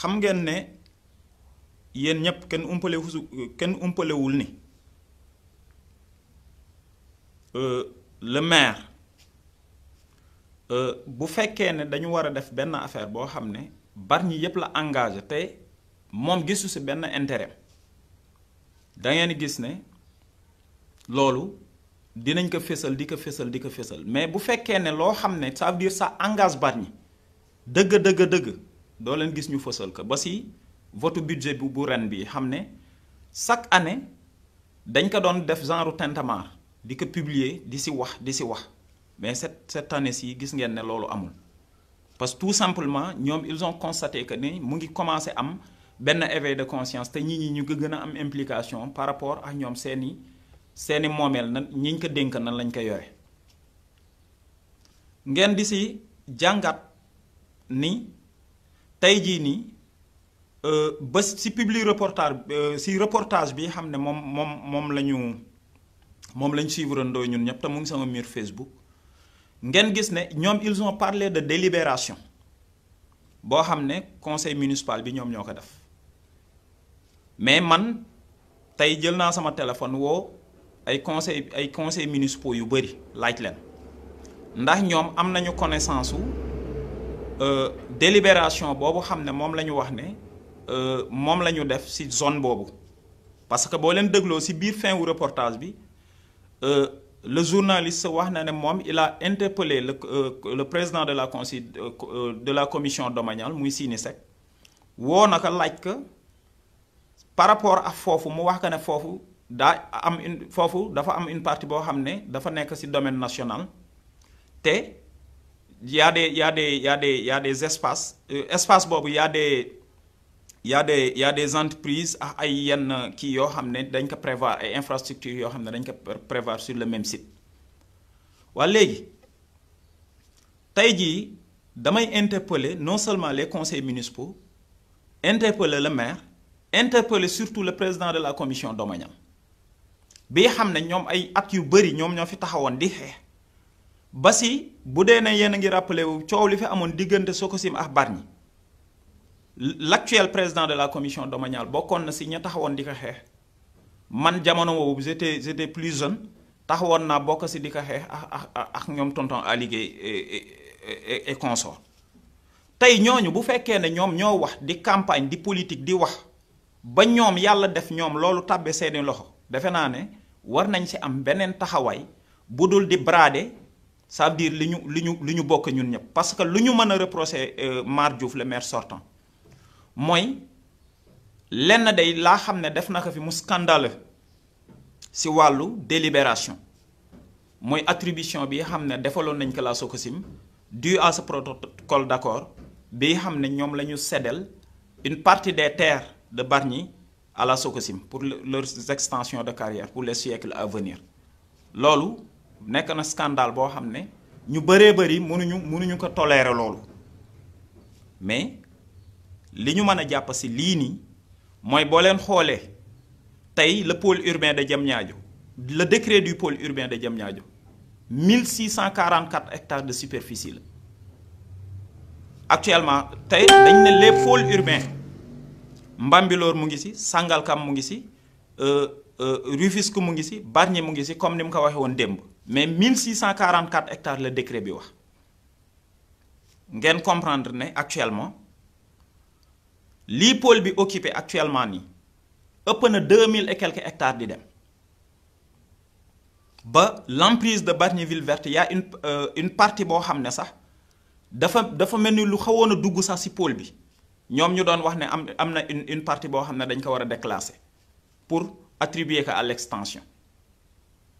xam ne kenn euh, le maire euh, bu fekkee ne dañu a def affaire boo xam la engagé te mom gisu intérêt da ngeen gis ne loolu dinañ ko fésal di ko di mais bu fekkee ne loo ça veut dire ça engage do len gis ñu fësal ko ba si votre budget bu bu ren bi xamne chaque année dañ ko don def genre tintamarre di ko publier di si wax di si wax mais cette cette année ci gis ngeen ne lolu amul parce tout simplement ñom ils ont constaté que ni mu ngi commencé am ben éveil de conscience te ñii ñi ñu gën a am implication par rapport ak ñom seeni seeni momel na ñiñ ko dénk nan lañ ko yore ngeen di si jangat ni tey jii nii euh, ba si public reportage euh, si reportage bi xam ne moom moom moom la ñu moom la ñu suivre ndoo ñun ñëpp te mu ngi sama mur Facebook ngeen gis ne ñoom ils ont parlé de délibération boo xam ne conseil municipal bi ñoom ñoo ko def mais man tey jël naa sama téléphone woo ay conseil ay conseil municipaux yu bëri laaj leen ndax ñoom am nañu connaissance su euh, délibération bobu xamné mom lañu wax né euh la lañu def ci zone bobu parce que bo leen dégloo ci biir fin wu reportage bi euh, le journaliste wax na ne il a interpellé le euh, le président de la consi de la commission domaniale muy Sini wo naka laaj par rapport à Fofu, mu wax ka ne Fofu, daa am une foofu dafa am une partie bo xamné dafa nek ci domaine national Té il y a des, il y a des, il y a des, il y espaces. Euh, y a des y a des y a des entreprises ah, ay yenn dañ ko prévoir infrastructures yo xamné dañ ko prévoir sur le même site. wa légui tey je damay interpeller non seulement les conseils municipaux interpeller le maire interpeller surtout le président de la commission domaniale bi xamné ne ay at yu bari ñom ñoo fi di bu dee ne yéen a ngi rappelé wu coow li fi amoon diggante Sococim ak Bargny l' actuel président de la commission domaniale bokkoon na si ña taxawoon di ko xeex man jamono boobu j' plus jeune taxawoon naa bokk si di ko xeex ak ñoom tonton Aly Gueye et tey ñooñu bu fekkee ne ñoom ñoo wax di campagne di politique di wax ba ñoom yàlla def ñoom loolu tàbbe seeni loxo defe naa ne war nañ si am beneen taxawaay bu dul di brader. ça veut dire que nous sommes parce que nous ñu mën a reprocher euh, Mar Diouf le maire sortant moi ce day la xam ne def na fi mu scandale délibération moi attribution bi xam ne nañ la Sococim dû à ce protocole d'accord bi xam ne ñoom la une partie des terres de Barni à la Sococim pour leurs extensions de carrière pour les siècles à venir loolu nekk na scandale boo xam ne ñu bëree bari mënuñu mënuñu ko tolérer loolu mais li ñu mën a jàpp si lii nii mooy boo leen xoolee tey le pole urbain de Diamniadio le décret du pôle urbain de Diamniadio 1644 hectares de superficie la actuellement tey dañ ne les pôles urbains Mbambilor mu ngi si Sangalkam mu ngi si euh, euh, Rufisque mu ngi si Bargny mu ngi si comme ni mu ko waxee woon démb. mais 1644 hectares le décret bi wax comprendre né actuellement lii pôle bi occupé actuellement ni. ëpp 2000 et quelques hectares di dem ba l'emprise de Bargneville Verte y euh, a une une partie qui xamné sax dafa dafa nous lu xawona sax pôle bi ñom ñu doon wax une partie qui xamné dañ ko déclasser pour attribuer à l'extension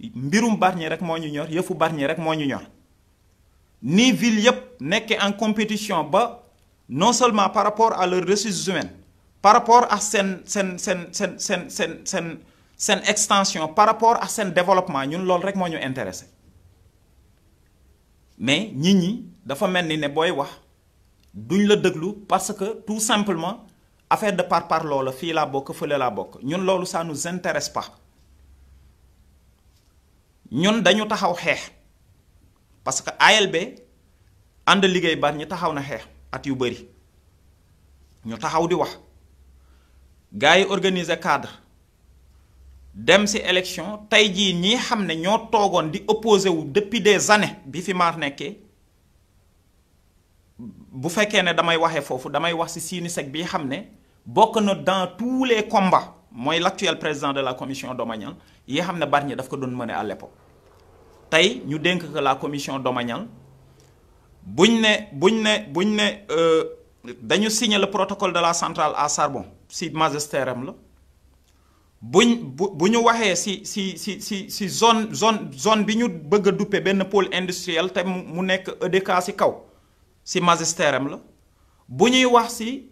mbirum Bargny rek moñu ñor yëfu Bargny rek moñu ñor ni ville yep nekkee en compétition ba non seulement par rapport à leurs ressources humaines par rapport à sen sen sen sen sen sen sen extension par rapport à sen développement ñun lool rek moñu intéressé mais nit ñi dafa melni ni ne booy wax duñ la parce que tout simplement affaire de par par loola fi la bok fële la bok ñun loolu ça nous intéresse pas ñun dañu taxaw xeex parce que ALB ànd liggéey ba ñu taxaw na xeex at yu bari ñu taxaw di wax gars yi organiser cadre dem ci élection tay jii ñi xam ne ñoo toogoon di opposé wu depuis des années bi fi maar nekkee bu fekkee ne damay waxee foofu damay wax ci Siini bi xam ne bokk na dans tous les combats moi, l'actuel président de la commission domaniale yi nga xam ne Barnier daf ko doon mener à l'époque tey ñu dénk que la commission domaniale buñ ne buñ ne buñ ne euh, dañu signer le protocole de la centrale à charbon si magistèram la buñ bu bu ñu si si si si si zone zone zone bi ñu bëgg a duppe pôle industriel te mu nekk EDK c'est kaw si magistèram la bu ñuy wax si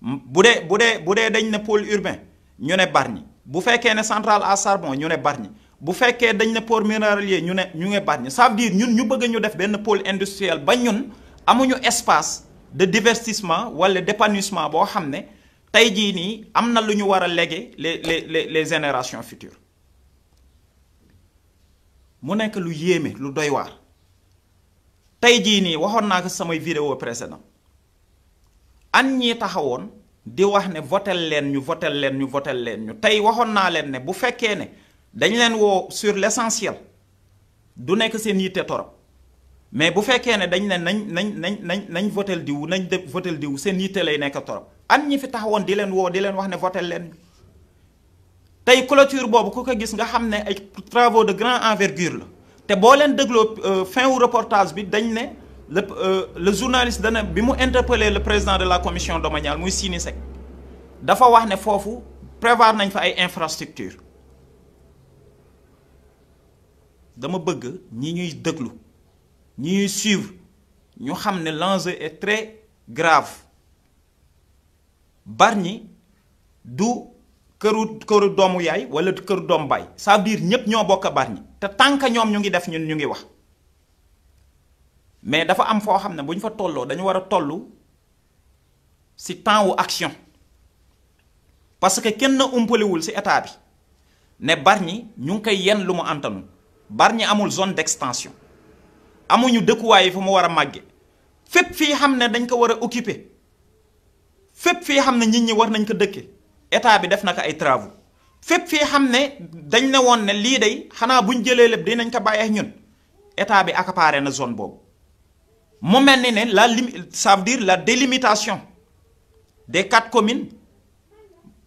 boudé boudé boudé dañ ne pôle urbain ñu né Bargny bu féké né centrale à charbon ñu né Bargny bu féké dañ ne port minéralier ñu né ñu ne Bargny ça veut dire ñun ñu bëgg ñu def ben pôle industriel ba ñun amuñu espace de divertissement wala d'épanouissement bo xamné ne tey jii nii am na léguer les les les générations futures mu nekk lu yéeme lu doy war tey jii nii waxoon naa ko samay vidéo précédent an ñi taxawoon di wax ne votel leen ñu votel leen ñu votel leen ñu tey waxoon naa leen ne bu fekkee ne dañ leen woo sur l'essentiel du nekk seen yitte torop mais bu fekkee ne dañ leen nañ nañ nañ nañ nañ votel diw nañ def votel diw seen yitte lay nekk torop an ñi fi taxawoon di leen woo di leen wax ne votel leen tey clôture boobu ku ko gis nga xam ne ay travaux de grand envergure la te boo leen dégloo euh, fin wu reportage bi dañ ne le euh, le journaliste dana bimu le président de la commission domaniale muy Sini dafa wax ne fofu prévoir nañ fa ay infrastructures dama bëgg ñi ñuy déglu ñi suivre ñu xamné ne l'enjeu est très grave barni du këru këru doomu yaay wala këru dom bay ça veut dire ñoo bokk té te tant que ñoom ñu ngi def ñun ñu ngi wax mais dafa am foo xam ne bu ñu fa tolloo dañu war a tollu ci temps wu action parce que kenn umpalewul ci état bi ne Bargny ñu ngi koy yenn lu mu antanul barñi amul zone d'extension amuñu dëkkuwaay yi fu mu war a màgge fépp fii xam ne dañ ko war a occuper fépp fii xam ne nit ñi war nañ ko dëkke état bi def na ko ay travaux fépp fii xam ne dañ ne woon ne lii day xanaa buñ jëlee lépp dinañ ko bàyyi ak ñun état bi accaparé na zone boobu mu mel ne la ça veut dire la délimitation des quatre communes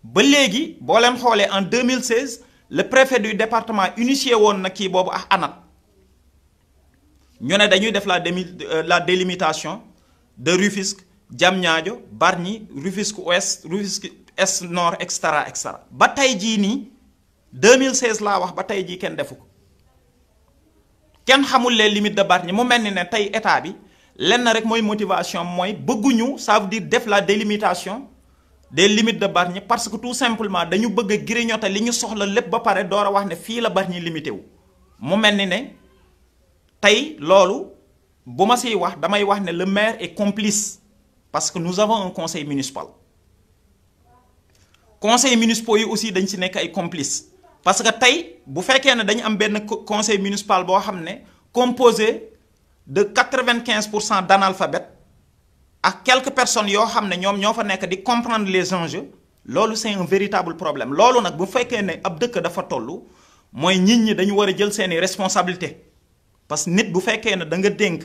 ba léegi leen en 2016 le préfet du département initié woon na kii boobu ak ANAT ñu ne dañuy def la euh, la délimitation de Rufisque Diamniadio Bargny Rufisque ouest Rufisque est nord etc etc bataille cetera ba 2016 la wax ba tey jii kenn defu xamul les limites de Bargny mu mel ni ne état bi lenn rek mooy motivation c'est que ça veut dire def la délimitation des limites de Bargny parce que tout simplement dañu bëgg a grignoter li ñu soxla lépp ba pare door a wax ne fii la Bargny limité wu. mu mel ni Lolo, bon loolu wax damay wax ne le maire est complice parce que nous avons un conseil municipal conseil municipal aussi dañ complice ay parce que tey vous faites un am un conseil municipal boo xam composé de 95% d'analphabètes ak quelques personnes yoo xam ne ñoom ñoo fa nek di comprendre les enjeux loolu c'est un véritable problème loolu nak bu fekké né ab dëkk dafa tollu moy nit ñi dañu wara jël seeni responsabilité parce que nit bu fekké ne da nga dénk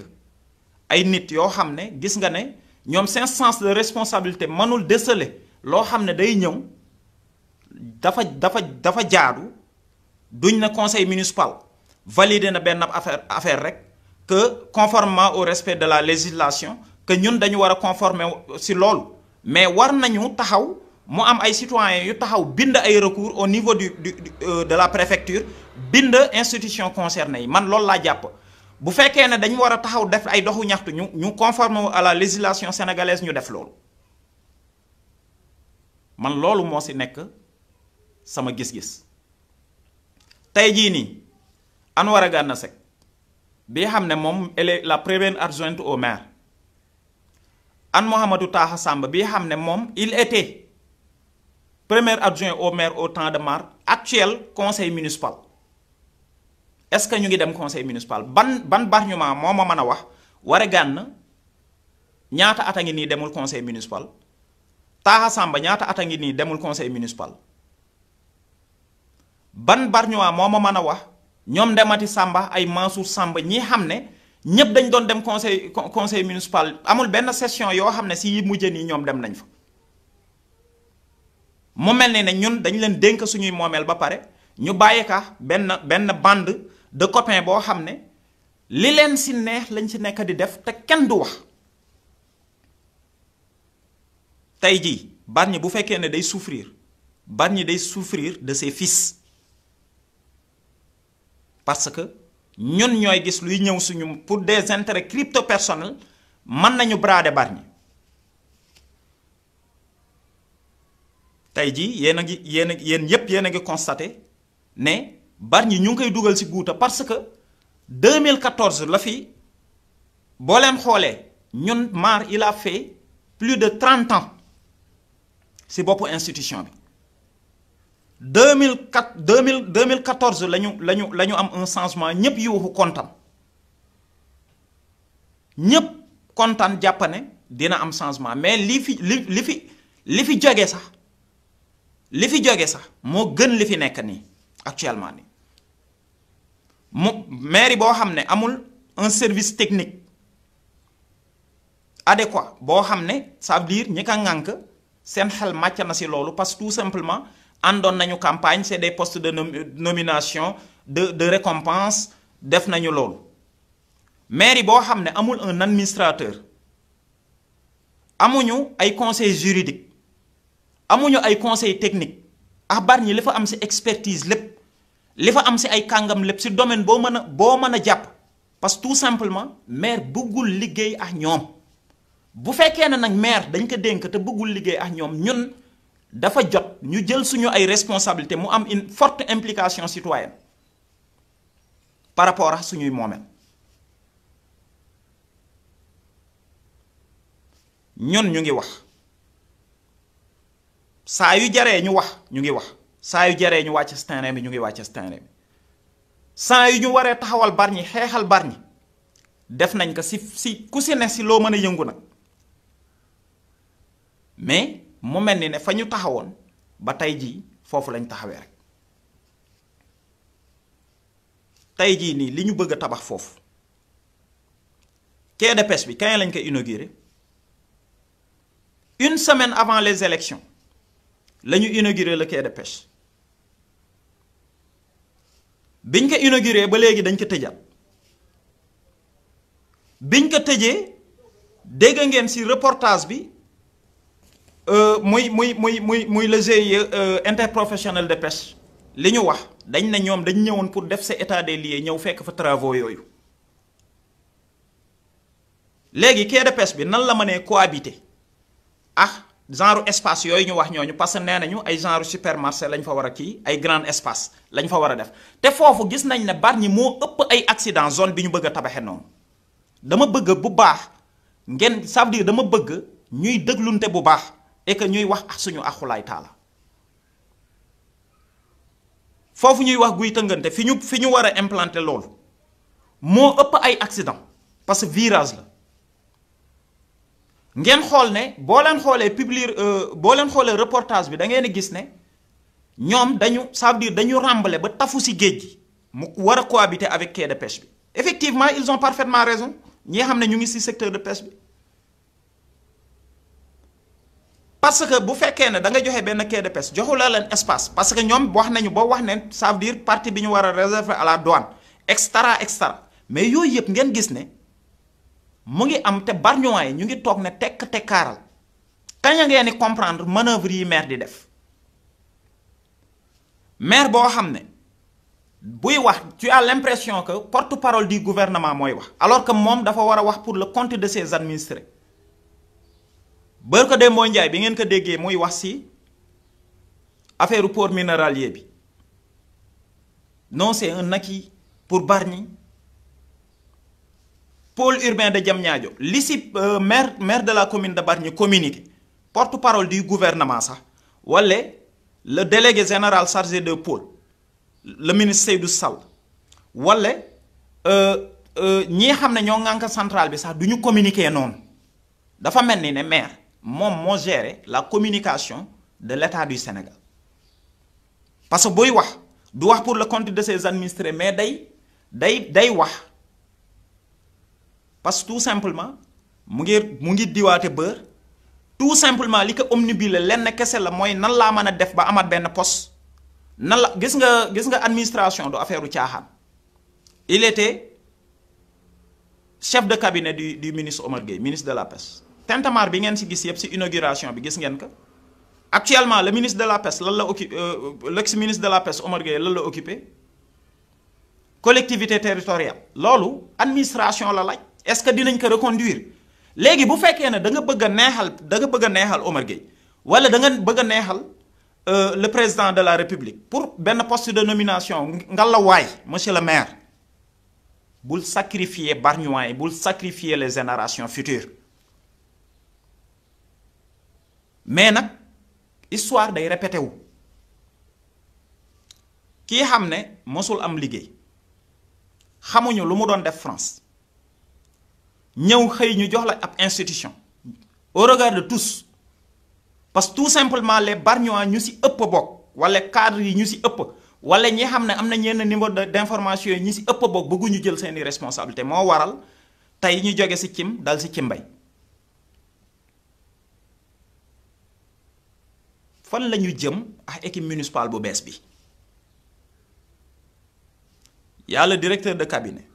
ay nit yo xamné ne gis nga né ñom seen sens de responsabilité manul déceler lo xamné ne day ñëw dafa dafa dafa jaadu duñ na conseil municipal valider na ben affaire affaire rek que conformément au respect de la législation que nous devons nous conformer ci loolu mais war nañu taxaw mu am ay citoyens yu taxaw bind ay recours au niveau du euh, de la préfecture binde institution concernée man loolu la jàpp bu fekkee ne dañu war a taxaw def ay doxu ñaxtu ñu ñu à la législation sénégalaise Nous def loolu man loolu mo si nek, sama gis-gis tey jii Gana bi xamne mom elle est la première adjointe au maire An Mohamedou Taha Samba bi xamne mom il était premier adjoint au maire au temps de Mar actuel conseil municipal est-ce que ñu ngi dem conseil municipal ban ban barñuma moma ma wax Waré Gane ñaata ata ngi ni demul conseil municipal Taha Samba ñaata ata ngi ni demul conseil municipal ban barñument moo ma wax ñom demati Samba ay Mansour Samba ñi xamné ñepp dem conseil conseil municipal amul ben session yo xamné si yi mujjën yi de dem nañ fa mo ni ñun dañ leen ba pare ñu ka ben ben bande de copains bo xamné li leen ci neex lañ ci nekk di def te kenn du wax tay bu souffrir souffrir de ses fils parce que ñun ñoy gis luy ñew suñu pour des intérêts crypto personnels man nañu brader Bargny tay ji yéen a ngi vous y'en yep, ngi constaté ne Bargny ñu ngi koy ci parce que 2014 la fi boo leen xoolee ñun Mar il a fait plus de 30 ans c'est boppu institution bi deux mille quatre deux mille deux mille quatorze la ñu la la ñu am un changement ñëpp yuuxu kontaan ñëpp kontaan jàppane dina am changement mais li fi li fi li fi jóge sax li fi jóge sax moo gën li fi nekk nii actuellement nii mu mairie boo xam ne amul un service technique adéquat boo xam ne ça veut ñi ka ŋànk seen xel màcc na si loolu parce que tout simplement. àndoon nañu campagne c'est des postes de nomination de de récompense def nañu loolu mairie boo xam ne amul un administrateur amuñu ay conseil juridique amuñu ay conseil technique axbar ñi li fa am si expertise lépp li fa am si ay kàngam lépp si domaine boo mën a boo mën a jàpp parce que tout simplement maire bëggul liggéey ak ñoom bu fekkee ne nag maire dañ ko dénk te bëggul liggéey ak ñoom ñun dafa jot ñu jël suñu ay responsabilité mu am une forte implication citoyenne par rapport à suñuy momel ñun ñu ngi wax sa yu jaree ñu wax ñu ngi wax sa yu jaree ñu wacc terrain bi ñu ngi wacc terrain bi sa yu ñu waré taxawal Bargny xéxal Bargny def nañ ko si ku si ne si lo yëngu mais mu melni ne fa ñu taxawoon ba tey jii foofu lañ taxawee rek tey jii nii li ñu bëgg a tabax foofu quai pêche bi kañ lañ koy inaugurer une semaine avant les élections la ñu inauguré le quai pêche biñ ko inaugurer ba léegi dañ ko tëjaat biñ ko tëjee dégg ngeen ci reportage bi. Euh, muy muy muy muy muy le GIE euh, interprofessionnel de pêche li ñu wax dañ ne ñoom dañ ñëwoon pour def sa état des lieux ñëw fekk fa travaux yooyu léegi quai de bi nan la ma mënee cohabiter ah genre espace yooyu ñu wax ñooñu parce que nee nañu ay genre supermarché lañ fa war a kii ay grand espace lañ fa war a def te foofu gis nañ ne ñi moo ëpp ay accident zone bi ñu bëgg a tabaxee noonu dama bëgg bu baax ngeen ça dama bëgg ñuy dëglunte bu baax. et que avons wax ak suñu nous taala ñuy wax implanter accident parce que virage la ngeen xol ne euh, reportage bi da ngeen ne dañu ça veut dire dañu avec de pêche effectivement ils ont parfaitement raison ñi xamne ñu secteur de pêche parce que bu fekké né da nga joxé ben quai de pêche joxula leen espace parce que ñom wax nañu boo wax né ça veut dire partie biñu wara réserver à la douane extra extra mais yoy yep ngeen gis né mu ngi am te barñuwaa ñu ngi toog ne tekk ngeen comprendre manœuvre yi maire di def maire bo xamné ne buy wax tu as l'impression que porte-parole du gouvernement moy wax alors que mom dafa wara wax pour le compte de ses administrés Si vous avez mooy njaay bi ngeen ko déggee muy wax si affaire port non c'est un acquis pour Bargny pôle urbain de Diamniadio l'ici euh, maire maire de la commune de Bargny communique, porte-parole du gouvernement ça. wala le délégué général chargé de pôle le ministre du Sal. wala euh, euh, ñi xam nous ñoo une centrale bi ça, du ñu communiqué noonu dafa maire mon mon gérer la communication de l'État du Sénégal parce que boy wax du pour le compte de ses administrés mais day day day wax parce que tout simplement mu ngi mu ngi tout simplement li omnibule la def ba Ben poste nan la nga gis nga administration il était chef de cabinet du ministre Omar Gueye ministre de la Paix tintamarre bi ngeen si gis yépp si inauguration bi gis ngeen ko actuellement le ministre de la pêche lan la occupé euh, euh, l'ex ministre de la pêche Omar Gueye lan la occupé collectivité territoriale loolu administration la laaj est-ce que dinañ ko reconduire léegi bu fekkee ne da nga bëgg a neexal da nga bëgg a neexal Omar Gueye wala da nga bëgg a neexal euh, le président de la république pour benn poste de nomination nga la waay monsieur le maire bul sacrifier Bargny bul sacrifier les générations futures mais nak histoire day répété wu ki xamné ne mosul am liguey xamuñu lu mu doon def France ñew xey ñu jox la ab institution au regard de tous parce tout simplement les Bargnois ñu si ëpp bok wala cadre yi ñu si ëpp wala ñi xamné amna am na niveau d'information ñi ñu si bok bëggu ñu jël seeni responsabilité mo waral tay ñu joggé ci cim dal si cimbay fan la jëm ak équipe municipale bu bess bi y'a le directeur de cabinet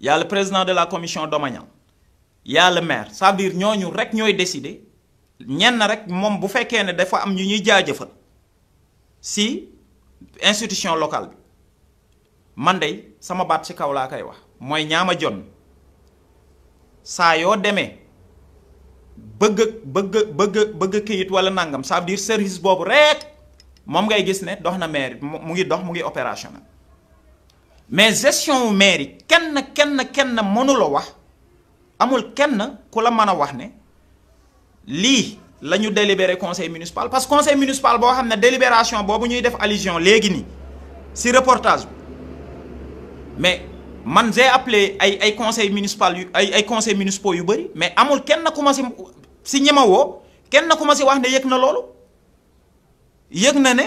y'a le président de la commission domaniale y'a le maire ça veut dire ñoñu rek ñoy décider ñenn rek mom bu féké né dafa am ñuy jaajëfal si institution locale bi man day sama baat ci kaw la kay wax moy ñaama jonne sa yo démé bëgg bëgg wala nangam ça veut dire service le rek mom ngay gis ne dox na mairie mu ngi dox mu opérationnel mais gestion wax amul kenn ku la wax ne Li la conseil municipal parce que conseil municipal bo xamné délibération bobu ñuy def allusion légui ni reportage mais man j'ai appelé ay ay conseil municipal ay ay conseil municipaux yu bari mais amul kenn na commencé si si ñema kenn ma si wax né yek na lolu yek na ne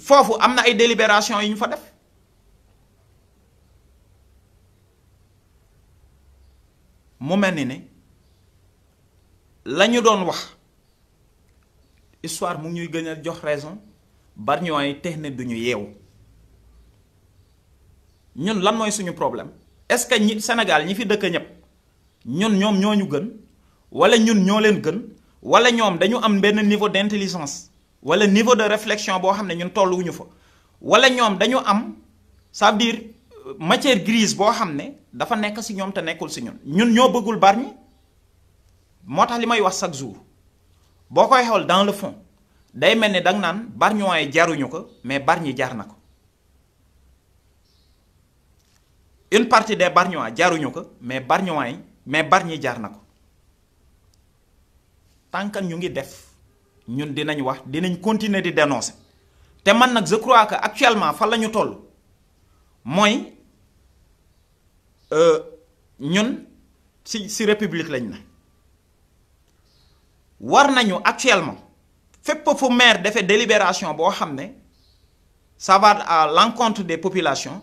fofu amna ay délibération yu ñu fa def mo mel ni lañu doon wax histoire mu ñuy gën a jox raison bari ñooy tex duñu du ñun lan mooy suñu problème est-ce que ñi Sénégal ñi fi dëkk ñëpp ñun ñoom ñoo ñu gën wala ñun ñoo leen gën wala ñoom dañu am benn niveau d'intelligence wala niveau de réflexion boo xam ne ñun tolluwuñu fa wala ñoom dañu am ça veut euh, matière grise boo xam ne dafa nekk ci ñoom te nekkul ci ñun ñun ñoo bëggul barñi moo tax li may wax chaque jour boo koy xool dans le fond day mel ni danga naan barñuwaay jaruñu ko mais barñi jar na ko. une partie des Bargnois jaruñu ko mais Bargnois mais Bargny jaar tant que ñu ngi def ñun continuer di dénoncer té je crois que actuellement fa la euh, ñun république lañ na war actuellement fepp fu maire défé délibération bo ça va à l'encontre des populations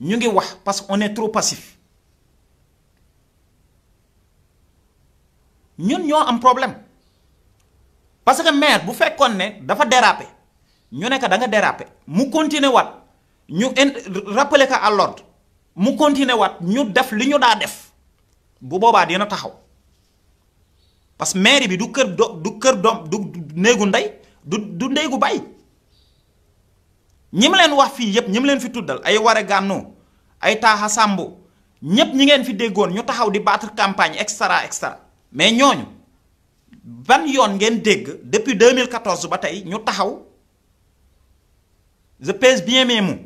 Nous ngi parce qu'on est trop passif nous avons un problème parce que maire bu si ne dafa déraper ñu ne avons da Nous, déraper mu continuer rappelons rappeler à l'ordre Nous continuer nous ñu def ce da def parce que maire du du ñi ma leen wax fii yépp ñi ma leen fi tuddal ay Waré gànnoo ay Taaxa Sàmb ñépp ñi ngeen fi déggoon ñu taxaw di battre campagne et cetera mais ñooñu ban yoon ngeen dégg depuis 2014 ba tey ñu taxaw je pèse bien mes mots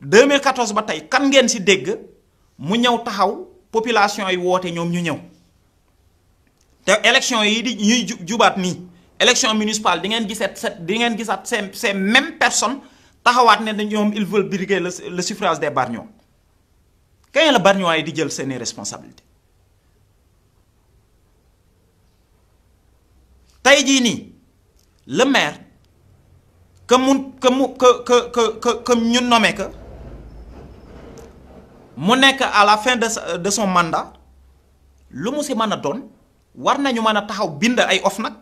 2014 ba tey kan ngeen si dégg mu ñëw taxaw population yi woote ñoom ñu ñëw te élection yi di ñuy jubaat nii élection municipale di ngeen gisaat di ngeen gisaat ces mêmes personnes taxawat né dañ ñoom ils veulent briguer le suffrage des Quand est le Bargnois yi di jël ces responsabilités. tey jii ni le maire que mu que mu que que que que ñu nommé que mu nek à la fin de de son mandat lu mu si mën war nañu mën taxaw bind ay OFNAC nak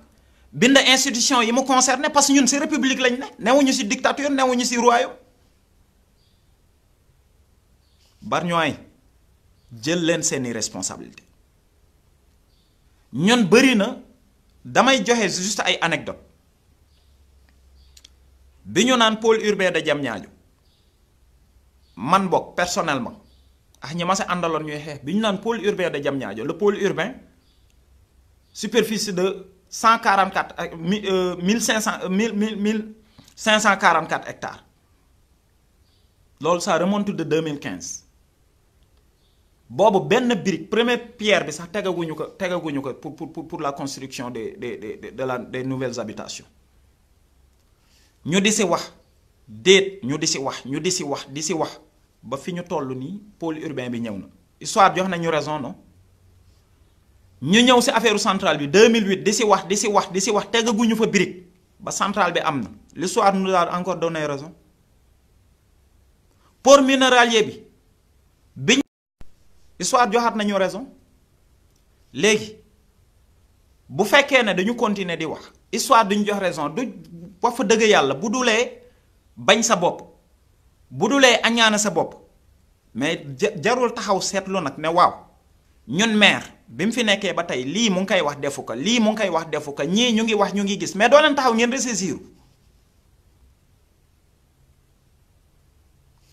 bind institution yi mu concerné parce que ñun ci république lañ ne newuñu ci dictature néwuñu ci royaume Bargny jël leen seeni responsabilité ñun bari na damay joxé juste ay anecdote bi ñu naan pôle urbain de Diamniadio man bok personnellement ah ñi ma sa àndaloon ñuy xeex bi ñu naan pôle urbain de Diamniadio le pôle urbain superficie de 144 1500 1000 1544 hectares loolu ça remonte de 2015 boobu benn brique première pierre bi sax tegaguñu ko tegaguñu ko pour pour pour la construction des des des de la des nouvelles habitations ñu di si wax déet ñu di si wax ñu di si wax di si wax ba fi ñu toll pôle urbain bi ñëw na histoire jox nañu raison non ñu ñëw ci affaire centrale en 2008 di avons wax di que wax fa l'histoire nous a encore donné raison Pour minéralier bi biñ histoire joxat nañu raison si bu féké ne dañu continuer di wax histoire jox raison du wax fa dëgg yalla bu en bañ sa vous bu dulé sa mais jarul taxaw bi mu fi nekkee ba tey lii mu ngi koy wax defu ko lii mu ngi koy wax defu ko ñii ñu ngi wax ñu ngi gis mais doo leen taxaw ngeen ressaisir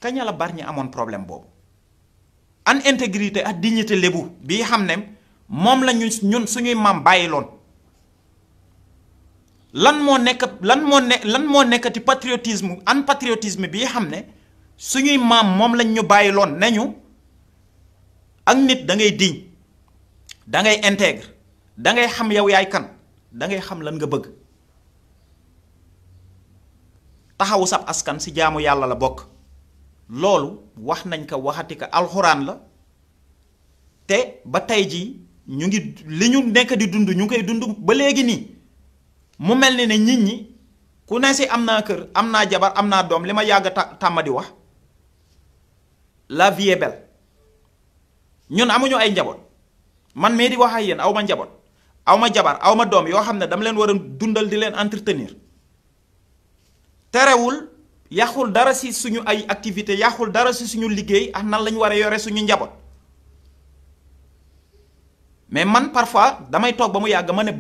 kañ la Bargny amoon problème boobu an intégrité ak dignité lébu bii xam ne moom lañu la ñu ñun suñuy maam loon lan moo nekk lan moo ne lan moo nekkati patriotisme an patriotisme bii xam ne suñuy maam moom lañ ñu bàyyiloon ne ñu ak nit da ngay diñ dangay ngay dangay xam yow yaay kan dangay xam lan nga bëgg taxawu sab askan si jaamu yàlla la bokk loolu wax nañ ko waxati ko alxuraan la te ba tey jii ñu ngi li ñu nekk di dund ñu ngi koy dund ba léegi nii mu mel ni ne nit ñi ku ne si am naa kër am naa jabar am naa doom li ma yàgg a wax la vie ñun amuñu ay njaboot man me di wax ay yeen awma njabot awma jabar awma dom yo xamne leen wara dundal di leen entretenir terewul yaxul dara ci suñu ay activité yaxul dara ligai, suñu liggéey ak nan lañ wara yoré suñu njabot mais man parfois damay tok ba mu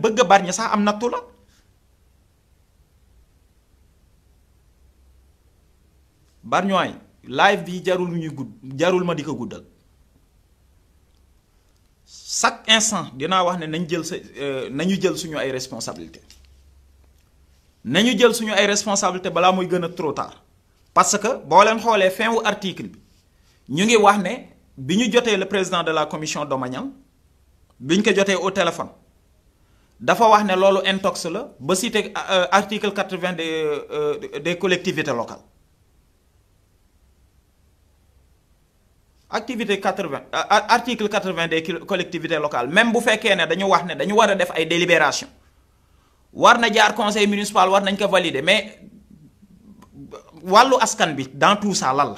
bëgg barña sax am la live bi jarul ñuy gudd jarul ma di guddal chaque instant dina wax né jël euh, nañu jël suñu ay responsabilité nañu jël suñu ay responsabilité bala muy trop tard parce que bo len xolé fin wu article bi ñu ngi wax le président de la commission domaniale biñ a ko au téléphone dafa wax que lolu intox la ba cité euh, article 80 euh, des collectivités locales activité 80 euh, article 80 des collectivités locales même bu féké ne dañu wax ne dañu wara def ay délibération war jaar conseil municipal war nañ ko valider mais walu askan bi dans tout ça lan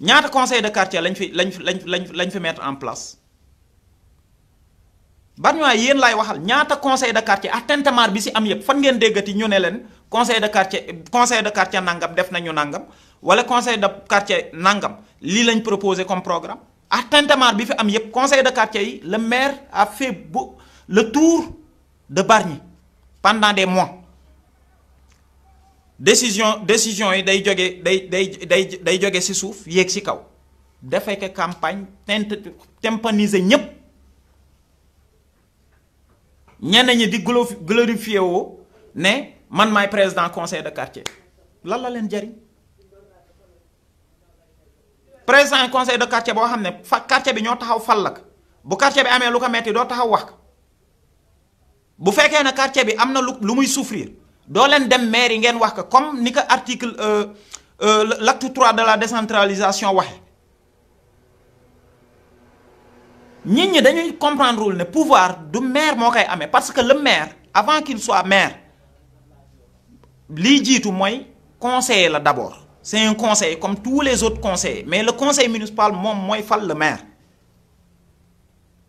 ñaata conseil de quartier lañ fi lañ fi lañ lañ fi mettre en place Bargny yeen lay waxal ñaata conseil de quartier ak bi si am yépp fan ngeen déggati ñu né leen conseil de quartier conseil de quartier nangam def nañu nangam wala conseil de quartier nangam lii lañ proposé comme programme ah tintamarre bi fi am conseil de quartier le maire a fait le tour de Bargny pendant des mois décision décision yi day jóge day day day day jóge ci suuf yéeg ci kaw dafay ko campagne tent tympaniser ñen ñi di glorifier né, ne man maay président conseil de quartier lan la leen jariñ président conseil de quartier bo xamné quartier bi ñoo taxaw la bu quartier bi a metti taxaw wax bu quartier bi lu muy souffrir do dem maire comme ni 3 euh, euh, de la décentralisation waxe nit comprendre le pouvoir du maire parce que le maire avant qu'il soit maire le conseil moy conseiller la d'abord c'est un conseil comme tous les autres conseils mais le conseil municipal moi, il faut le maire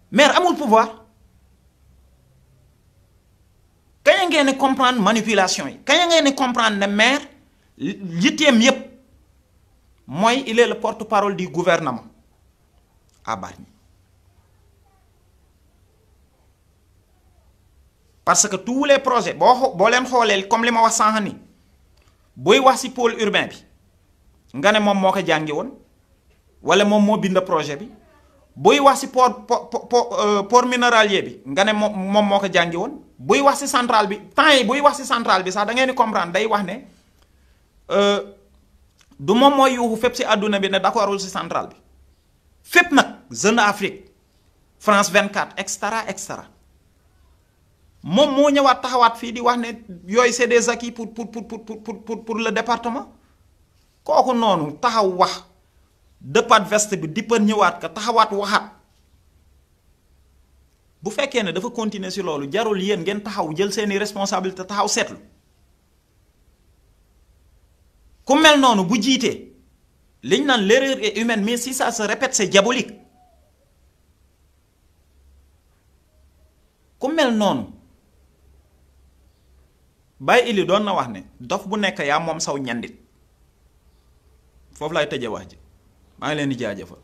maire le pouvoir Quand vous ne la manipulation quand vous comprenez ne comprendre le maire il est le porte-parole du gouvernement à ah, Barney. parce que tous les projets si vous comme les ma wax si vous wax pôle urbain nga ne mom moko jangé won wala mom mo bind projet bi buy wax ci port euh, port minéralier bi nga ne mom moko jangé won jàngi woon buy wax ci central bi temps yi buy wax si central bi sax da ngay ni comprendre day wax ne euh, du mom moy yuuxu fep si aduna bi ne d'accordul ci central bi fep nak Jeune Afrique France 24 etc etc mom mo ñëwaat taxawaat fi di wax ne yoy c'est des acquis pour pour pour pour pour pour le département koku nonu taxaw wax dëppaat veste bi dippal ñëwaat ka taxawat waxat bu fekke ne dafa continuer ci lolu jarul yeen ngeen taxaw jël seeni responsabilité taxaw setlu ku mel nonu bu jité liñ naan l'erreur est humaine mais si ça se répète c'est diabolique ku mel nonu bay ili doon na wax ne dof bu nek ya mom saw ñandit foofu laay tëjee wax ji maa ngi leen di jaajëfal.